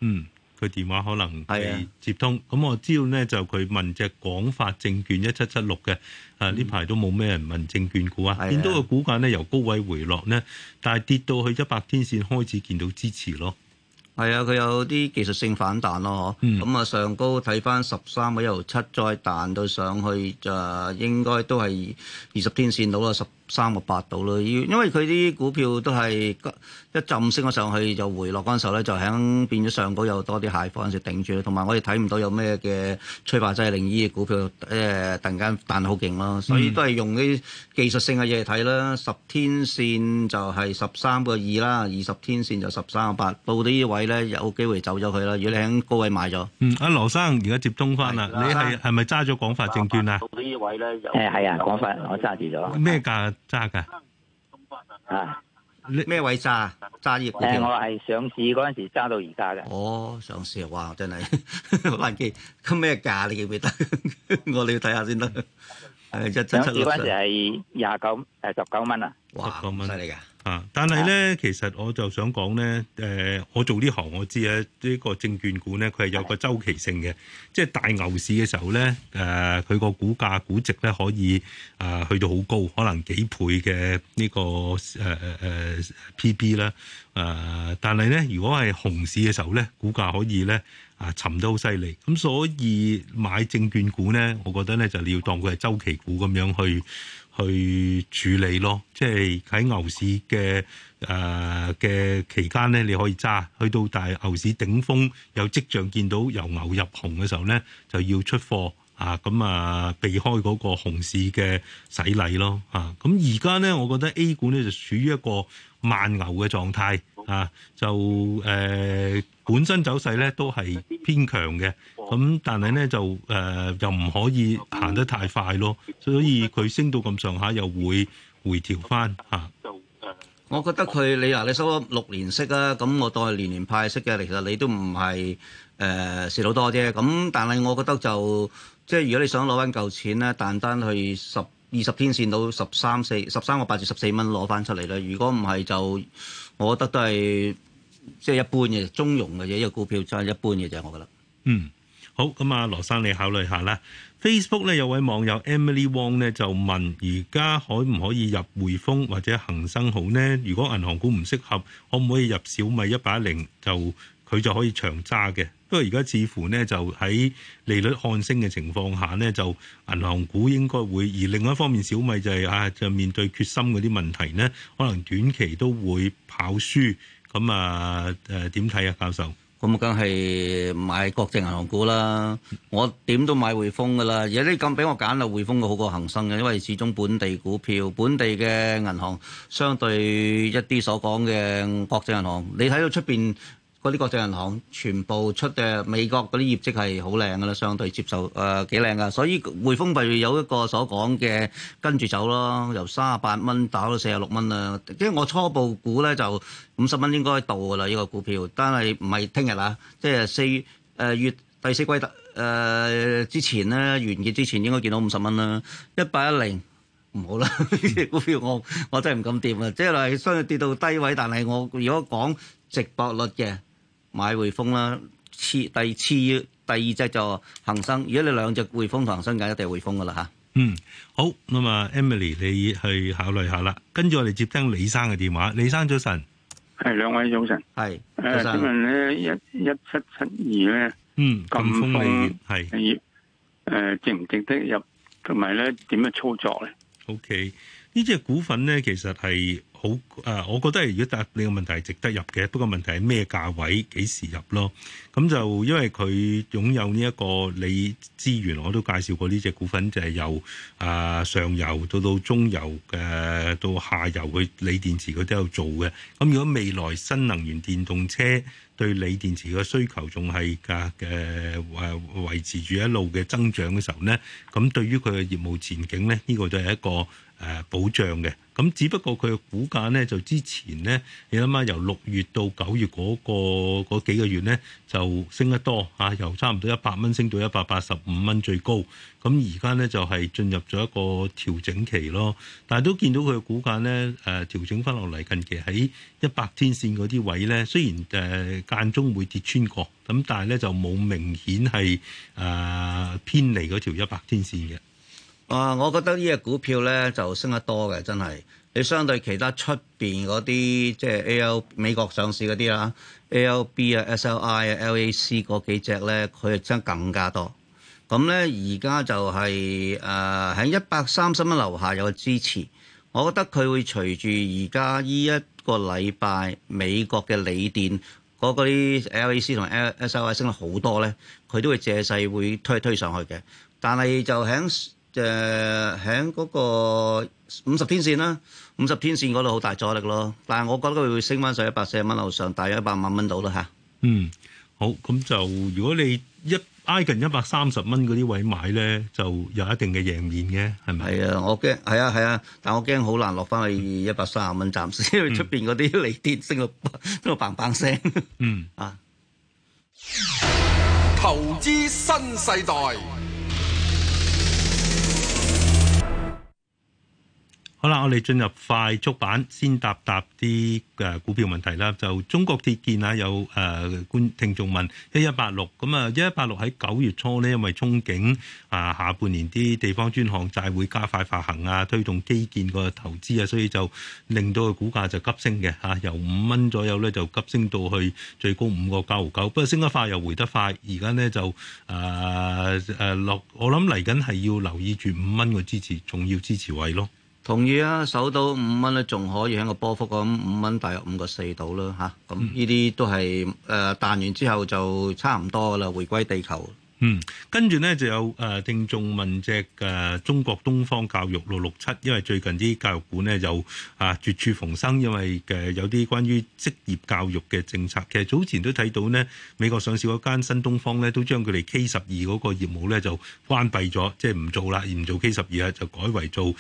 嗯，佢電話可能未接通。咁我知道呢，就佢問隻廣發證券一七七六嘅，啊呢排都冇咩人問證券股啊。見到個股價呢由高位回落呢，但係跌到去一百天線開始見到支持咯。係啊，佢有啲技術性反彈咯，咁啊、嗯嗯，上高睇翻十三個一路七，再彈到上去就、呃、應該都係二十天線到啦，十三個八度咯，要因為佢啲股票都係一浸升咗上去就回落嗰陣時候咧，就喺變咗上高有多啲蟹貨嗰陣時頂住，同埋我哋睇唔到有咩嘅催化劑令呢啲股票誒突然間彈好勁咯，所以都係用啲技術性嘅嘢嚟睇啦。十天線就係十三個二啦，二十天線就十三個八。到到呢位咧，有機會走咗佢啦。如果你喺高位買咗，阿羅生而家接通翻啦，你係係咪揸咗廣發證券啊？到到呢位咧，誒係啊，廣發我揸住咗。咩價？揸噶，啊，咩位揸啊？揸熱股添，誒，我係上市嗰陣時揸到而家嘅。哦，上市啊，哇，我真係忘記，咁咩價你記唔記得？ 我哋要睇下先得。誒，一七七六。上市嗰陣時係廿九誒十九蚊啊！哇，犀利噶。啊！但係咧，其實我就想講咧，誒、呃，我做呢行我知啊，呢、這個證券股咧，佢係有個周期性嘅，即係大牛市嘅時候咧，誒、呃，佢個股價估值咧可以啊、呃、去到好高，可能幾倍嘅呢、這個誒誒誒 P B 啦。誒、呃呃呃，但係咧，如果係熊市嘅時候咧，股價可以咧啊沉得好犀利。咁所以買證券股咧，我覺得咧就你要當佢係周期股咁樣去去處理咯，即係喺牛市嘅誒嘅期間咧，你可以揸，去到大牛市頂峰，有跡象見到由牛入熊嘅時候咧，就要出貨啊！咁啊，避開嗰個熊市嘅洗禮咯啊！咁而家咧，我覺得 A 股咧就處於一個慢牛嘅狀態啊，就誒。呃本身走勢咧都係偏強嘅，咁但係咧就誒又唔可以行得太快咯，所以佢升到咁上下又會回調翻吓。就、啊、誒，我覺得佢你嗱你收咗六年息啦，咁我當係年年派息嘅，其實你都唔係誒蝕好多啫。咁但係我覺得就即係如果你想攞翻嚿錢咧，單單去十二十天線到十三四十三個八至十四蚊攞翻出嚟咧，如果唔係就我覺得都係。即係一般嘅，中融嘅嘅一個股票就係一般嘅啫，我覺得嗯。嗯，好咁啊，羅生你考慮下啦。Facebook 咧有位網友 Emily Wong 咧就問：而家可唔可以入匯豐或者恒生好呢？如果銀行股唔適合，可唔可以入小米一百零？就佢就可以長揸嘅。不過而家似乎呢，就喺利率看升嘅情況下呢，就銀行股應該會。而另外一方面，小米就係、是、啊，就面對決心嗰啲問題呢，可能短期都會跑輸。咁、嗯、啊，誒點睇啊，教授？咁啊，梗係買國際銀行股啦。我點都買匯豐嘅啦。而家你咁俾我揀啦，匯豐嘅好過恒生嘅，因為始終本地股票、本地嘅銀行，相對一啲所講嘅國際銀行，你睇到出邊。嗰啲國際銀行全部出嘅美國嗰啲業績係好靚噶啦，相對接受誒幾靚噶，所以匯豐例如有一個所講嘅跟住走咯，由三十八蚊打到四十六蚊啦。即係我初步估咧就五十蚊應該到噶啦呢個股票，但係唔係聽日啊，即係四誒月第四季度誒、呃、之前咧，完結之前應該見到五十蚊啦。一八一零唔好啦， 股票我我真係唔敢掂啊，即係嚟相對跌到低位，但係我如果講直博率嘅。買匯豐啦，次第次第二隻就恒生。如果你兩隻匯豐同恒生梗，一定係匯豐噶啦吓。嗯，好，咁啊，Emily，你去考慮下啦。跟住我哋接聽李生嘅電話。李生早晨，係兩位早晨，係。誒，請問咧，一、一、一七七二咧，嗯，咁風利，係，誒、呃，值唔值得入？同埋咧，點樣操作咧？O K，呢隻股份咧，其實係。好，誒，我覺得如果答你個問題係值得入嘅，不過問題係咩價位、幾時入咯？咁就因為佢擁有呢一個鋰資源，我都介紹過呢隻股份，就係、是、由誒上游到到中游嘅到下游嘅，鋰電池佢都有做嘅。咁如果未來新能源電動車對鋰電池嘅需求仲係嘅誒維持住一路嘅增長嘅時候咧，咁對於佢嘅業務前景咧，呢、這個都係一個。誒保障嘅，咁只不過佢嘅股價呢，就之前呢，你諗下由六月到九月嗰、那個嗰幾個月呢，就升得多吓、啊，由差唔多一百蚊升到一百八十五蚊最高，咁而家呢，就係、是、進入咗一個調整期咯。但係都見到佢嘅股價呢，誒、啊、調整返落嚟，近期喺一百天線嗰啲位呢，雖然誒、啊、間中會跌穿過，咁但係呢，就冇明顯係誒、啊、偏離嗰條一百天線嘅。啊，我覺得呢隻股票咧就升得多嘅，真係。你相對其他出邊嗰啲，即係 ALB 美國上市嗰啲啦 ALB 啊、SLI 啊、LAC 嗰幾隻咧，佢升更加多。咁咧而家就係誒喺一百三十蚊樓下有支持，我覺得佢會隨住而家呢一個禮拜美國嘅鋰電嗰、嗰個啲 LAC 同 SLI 升咗好多咧，佢都會借勢會推推上去嘅。但係就喺誒喺嗰個五十天線啦，五十天線嗰度好大阻力咯，但係我覺得佢會升翻上一百四十蚊以上，大約一百萬蚊到啦嚇。嗯，好，咁就如果你一挨近一百三十蚊嗰啲位買咧，就有一定嘅贏面嘅，係咪啊？係啊，我驚係啊係啊，但我驚好難落翻去一百三十蚊暫時，因為出邊嗰啲離跌升到嘭嘭聲。嗯啊，投資新世代。好啦，我哋進入快速版，先答答啲嘅股票問題啦。就中國鐵建啊，有誒觀、呃、聽眾問一一八六咁啊，一一八六喺九月初呢，因為憧憬啊下半年啲地方專項債會加快發行啊，推動基建個投資啊，所以就令到個股價就急升嘅，吓、啊，由五蚊左右咧就急升到去最高五個九毫九。不過升得快又回得快，而家呢，就誒誒落，我諗嚟緊係要留意住五蚊嘅支持，重要支持位咯。同意啊，守到五蚊咧，仲可以喺個波幅咁五蚊大約五個四度啦嚇，咁呢啲都係誒、呃、彈完之後就差唔多噶啦，回歸地球。嗯，跟住呢，就有誒聽眾問隻誒中國東方教育六六七，因為最近啲教育股呢，就啊絕處逢生，因為誒有啲關於職業教育嘅政策，其實早前都睇到呢，美國上市嗰間新東方呢，都將佢哋 K 十二嗰個業務呢，就關閉咗，即係唔做啦，而唔做 K 十二啊，就改為做誒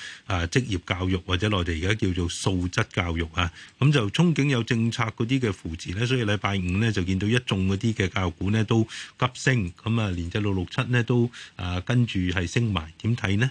職業教育或者內地而家叫做素質教育啊，咁就憧憬有政策嗰啲嘅扶持呢。所以禮拜五呢，就見到一眾嗰啲嘅教育股呢，都急升，咁啊連。隻六六七咧，都啊、呃、跟住係升埋，點睇咧？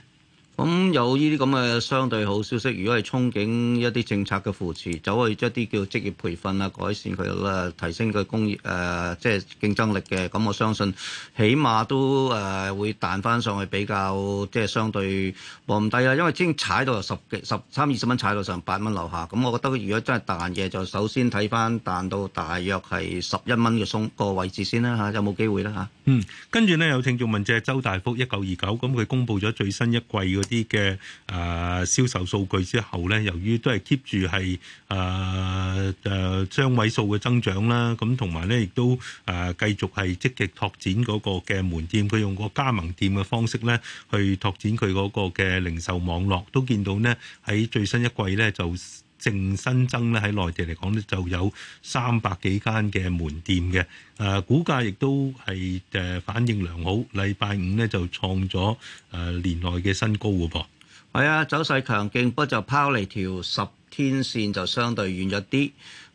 咁有呢啲咁嘅相對好消息，如果係憧憬一啲政策嘅扶持，走去即一啲叫職業培訓啊，改善佢啦，提升佢工業誒、呃、即係競爭力嘅，咁我相信起碼都誒、呃、會彈翻上去比較即係相對唔低啊。因為已經踩到十幾十三二十蚊，踩到成八蚊樓下，咁我覺得如果真係彈嘅，就首先睇翻彈到大約係十一蚊嘅鬆個位置先啦吓，有冇機會啦吓，啊啊啊啊啊、嗯，跟住呢，有聽眾問即係周大福一九二九，咁佢公布咗最新一季嗰啲嘅誒銷售數據之後咧，由於都係 keep 住係誒誒雙位數嘅增長啦，咁同埋咧亦都誒繼續係積極拓展嗰個嘅門店，佢用個加盟店嘅方式咧去拓展佢嗰個嘅零售網絡，都見到咧喺最新一季咧就，淨新增咧喺內地嚟講咧就有三百幾間嘅門店嘅，誒、啊、股價亦都係誒、呃、反應良好，禮拜五咧就創咗誒、呃、年內嘅新高嘅噃。係啊，走勢強勁，不過就拋離條十天線就相對遠咗啲。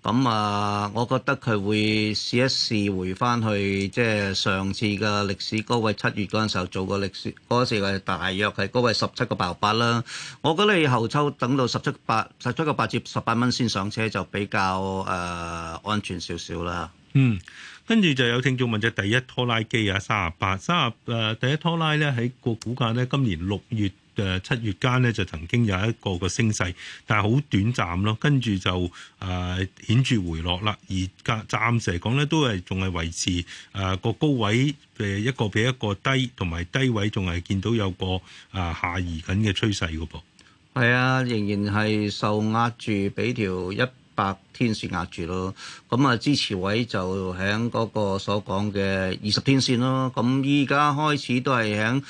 咁啊、嗯，我覺得佢會試一試回翻去，即係上次嘅歷史高位，七月嗰陣時候做過歷史，嗰、嗰個、時係大約係高位十七個八八啦。我覺得你後抽等到十七八、十七個八至十八蚊先上車就比較誒、呃、安全少少啦。嗯，跟住就有聽眾問隻第一拖拉機啊，三十八、三十八第一拖拉咧喺個股價咧今年六月。誒七月間呢，就曾經有一個個升勢，但係好短暫咯。跟住就誒顯著回落啦。而家暫時嚟講呢，都係仲係維持誒個高位誒一個比一個低，同埋低位仲係見到有個啊下移緊嘅趨勢嘅噃。係啊，仍然係受壓住俾條一。百天線壓住咯，咁啊支持位就喺嗰個所講嘅二十天線咯。咁依家開始都係喺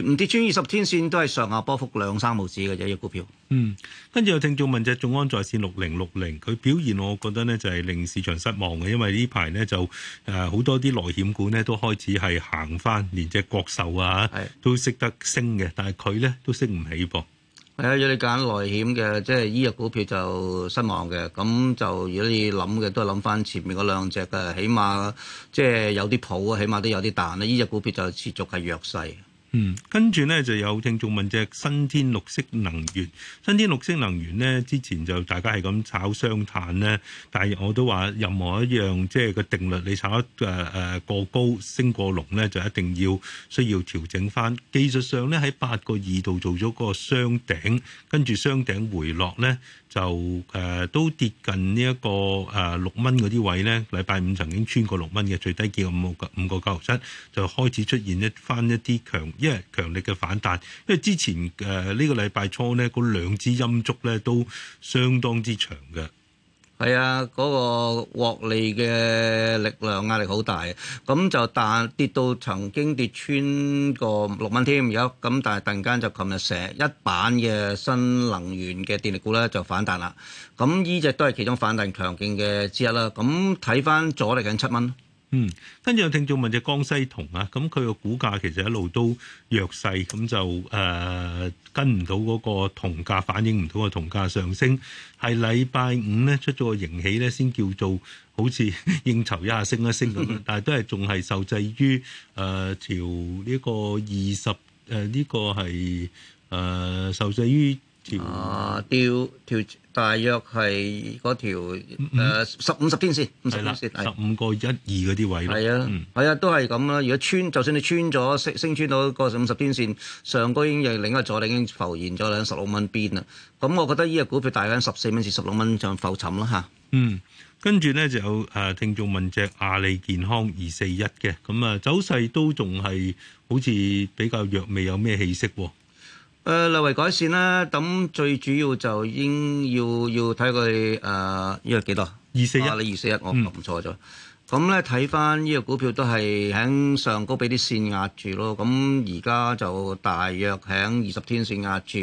唔跌穿二十天線都係上下波幅兩三毫紙嘅啫，啲、這個、股票。嗯，跟住有聽眾問隻眾安在線六零六零，佢表現我覺得呢就係令市場失望嘅，因為呢排呢就誒好、呃、多啲內險股呢都開始係行翻，連隻國壽啊是都識得升嘅，但係佢咧都升唔起噃。係啊，如果你揀內險嘅，即係呢隻股票就失望嘅。咁就如果你諗嘅，都係諗返前面嗰兩隻嘅，起碼即係有啲譜，起碼都有啲彈啦。呢隻股票就持續係弱勢。嗯，跟住呢，就有聽眾問隻新天綠色能源，新天綠色能源呢，之前就大家係咁炒雙碳呢，但係我都話任何一樣即係個定律，你炒得誒誒過高升過龍呢，就一定要需要調整返。技術上呢，喺八個二度做咗個雙頂，跟住雙頂回落呢。就誒、呃、都跌近呢、這、一個誒、呃、六蚊嗰啲位咧，禮拜五曾經穿過六蚊嘅，最低見過五個五個九毫七，就開始出現一翻一啲強，因為強力嘅反彈，因為之前誒呢、呃這個禮拜初咧，嗰兩支陰燭咧都相當之長嘅。係啊，嗰個獲利嘅力量壓力好大，咁就但跌到曾經跌穿過六蚊添，有咁，但係突然間就琴日成一版嘅新能源嘅電力股咧就反彈啦，咁呢隻都係其中反彈強勁嘅之一啦。咁睇返咗嚟緊七蚊。嗯，跟住有聽眾問隻江西銅啊，咁佢個股價其實一路都弱勢，咁就誒、呃、跟唔到嗰個銅價，反映唔到個銅價上升。係禮拜五咧出咗個形起咧，先叫做好似 應酬一下升一升，但係都係仲係受制於誒條呢個二十，誒呢個係誒受制於。呃超啊，掉條，條大約係嗰條十五十天線，五十天線，十五個一二嗰啲位咯。係啊的，係啊，都係咁啦。如果穿就算你穿咗升升穿到個五十天線上高已經係另一個阻力，已經浮現咗兩十六蚊邊啦。咁我覺得呢隻股票大約十四蚊至十六蚊就浮沉啦吓，啊、嗯，跟住咧就有誒聽眾問隻阿里健康二四一嘅咁啊，走勢都仲係好似比較弱，未有咩氣息喎。誒，略、呃、為改善啦，咁最主要就應要要睇佢誒，呢個幾多？二四一，你、啊、二四一，我唔錯咗。咁咧睇翻呢個股票都係喺上高，俾啲線壓住咯。咁而家就大約喺二十天線壓住。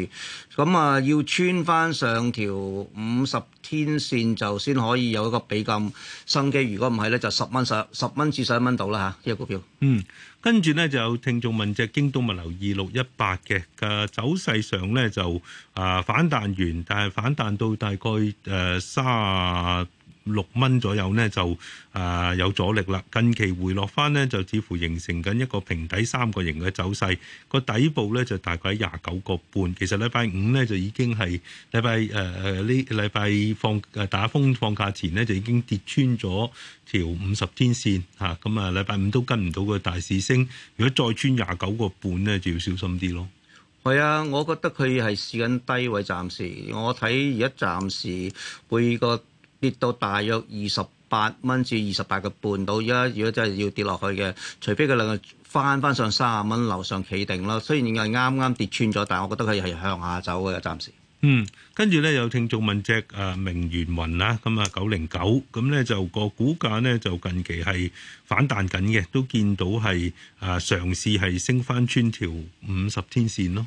咁啊，要穿翻上條五十天線就先可以有一個比較生機。如果唔係咧，就十蚊十十蚊至十一蚊到啦嚇。呢、啊這個股票嗯。跟住呢，就有聽眾問隻京東物流二六一八嘅嘅走勢上，呢，就啊、呃、反彈完，但係反彈到大概誒三。呃六蚊左右呢，就啊、呃、有阻力啦，近期回落翻呢，就似乎形成緊一個平底三角形嘅走勢，個底部呢，就大概喺廿九個半。其實禮拜五呢，就已經係禮拜誒誒呢禮拜放打風放假前呢，就已經跌穿咗條五十天線嚇，咁啊禮拜五都跟唔到個大市升，如果再穿廿九個半呢，就要小心啲咯。係啊，我覺得佢係試緊低位暫時，我睇而家暫時會個。跌到大約二十八蚊至二十八個半到，而家如果真係要跌落去嘅，除非佢能夠翻翻上三十蚊樓上企定啦。雖然係啱啱跌穿咗，但係我覺得佢係向下走嘅，暫時。嗯，跟住咧有聽眾問隻誒明源雲啦，咁啊九零九，咁咧就個股價咧就近期係反彈緊嘅，都見到係誒嘗試係升翻穿條五十天線咯。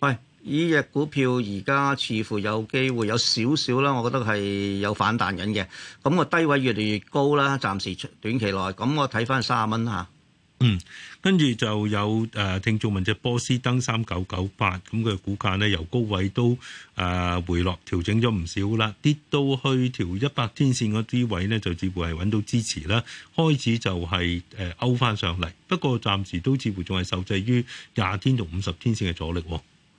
喂！呢隻股票而家似乎有機會有少少啦，我覺得係有反彈緊嘅。咁個低位越嚟越高啦，暫時短期內。咁我睇翻卅蚊吓。嗯，跟住就有誒、呃、聽眾問隻波斯登三九九八，咁佢嘅股價呢，由高位都誒回落調整咗唔少啦，跌到去條一百天線嗰啲位呢，就似乎係揾到支持啦，開始就係、是、誒、呃、勾翻上嚟，不過暫時都似乎仲係受制於廿天同五十天線嘅阻力。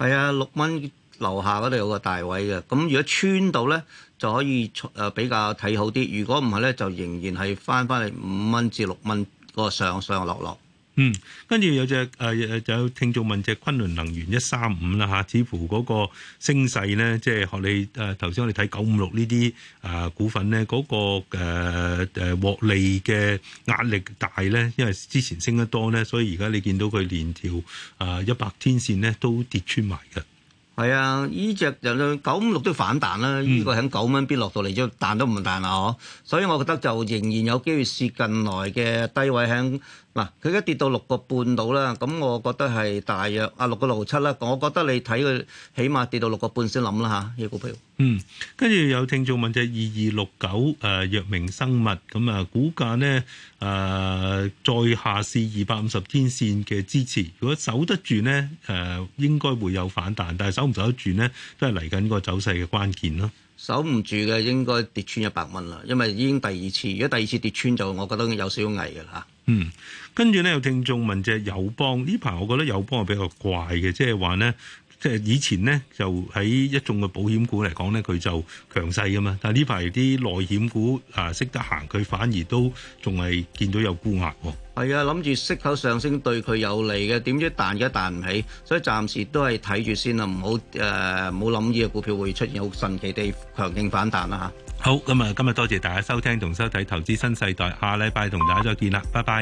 係啊，六蚊樓下嗰度有個大位嘅，咁如果穿到呢，就可以比較睇好啲。如果唔係呢，就仍然係返返嚟五蚊至六蚊嗰個上上落落。嗯，跟住有隻誒誒，呃、有聽眾問隻崑崙能源一三五啦嚇，似乎嗰個升勢咧，即係學你誒頭先，呃、我哋睇九五六呢啲誒股份咧，嗰、嗰個誒誒、呃呃、獲利嘅壓力大咧，因為之前升得多咧，所以而家你見到佢連條誒一百天線咧都跌穿埋嘅。係啊，呢隻就九五六都反彈啦，呢、嗯、個喺九蚊必落到嚟，即係彈都唔彈啊。嗬、嗯。所以我覺得就仍然有機會試近來嘅低位喺。嗱，佢而家跌到六個半到啦，咁我覺得係大約啊六個六七啦。我覺得你睇佢起碼跌到六個半先諗啦，嚇呢個股票。嗯，跟住有聽眾問就二二六九，誒藥明生物咁啊，股、呃、價呢，誒、呃、再下試二百五十天線嘅支持，如果守得住呢，誒、呃，應該會有反彈，但係守唔守得住呢，都係嚟緊個走勢嘅關鍵咯。守唔住嘅應該跌穿一百蚊啦，因為已經第二次，如果第二次跌穿就我覺得有少危嘅啦。嗯，跟住咧有聽眾問隻友邦呢排，我覺得友邦係比較怪嘅，即係話咧，即係以前咧就喺一眾嘅保險股嚟講咧，佢就強勢㗎嘛。但係呢排啲內險股啊識得行，佢反而都仲係見到有沽壓。係啊，諗住息口上升對佢有利嘅，點知彈一彈唔起，所以暫時都係睇住先啦，唔好誒，唔好諗呢個股票會出現好神奇地強勁反彈啦嚇。啊。好，咁啊，今日多謝大家收聽同收睇《投資新世代》，下禮拜同大家再見啦，拜拜。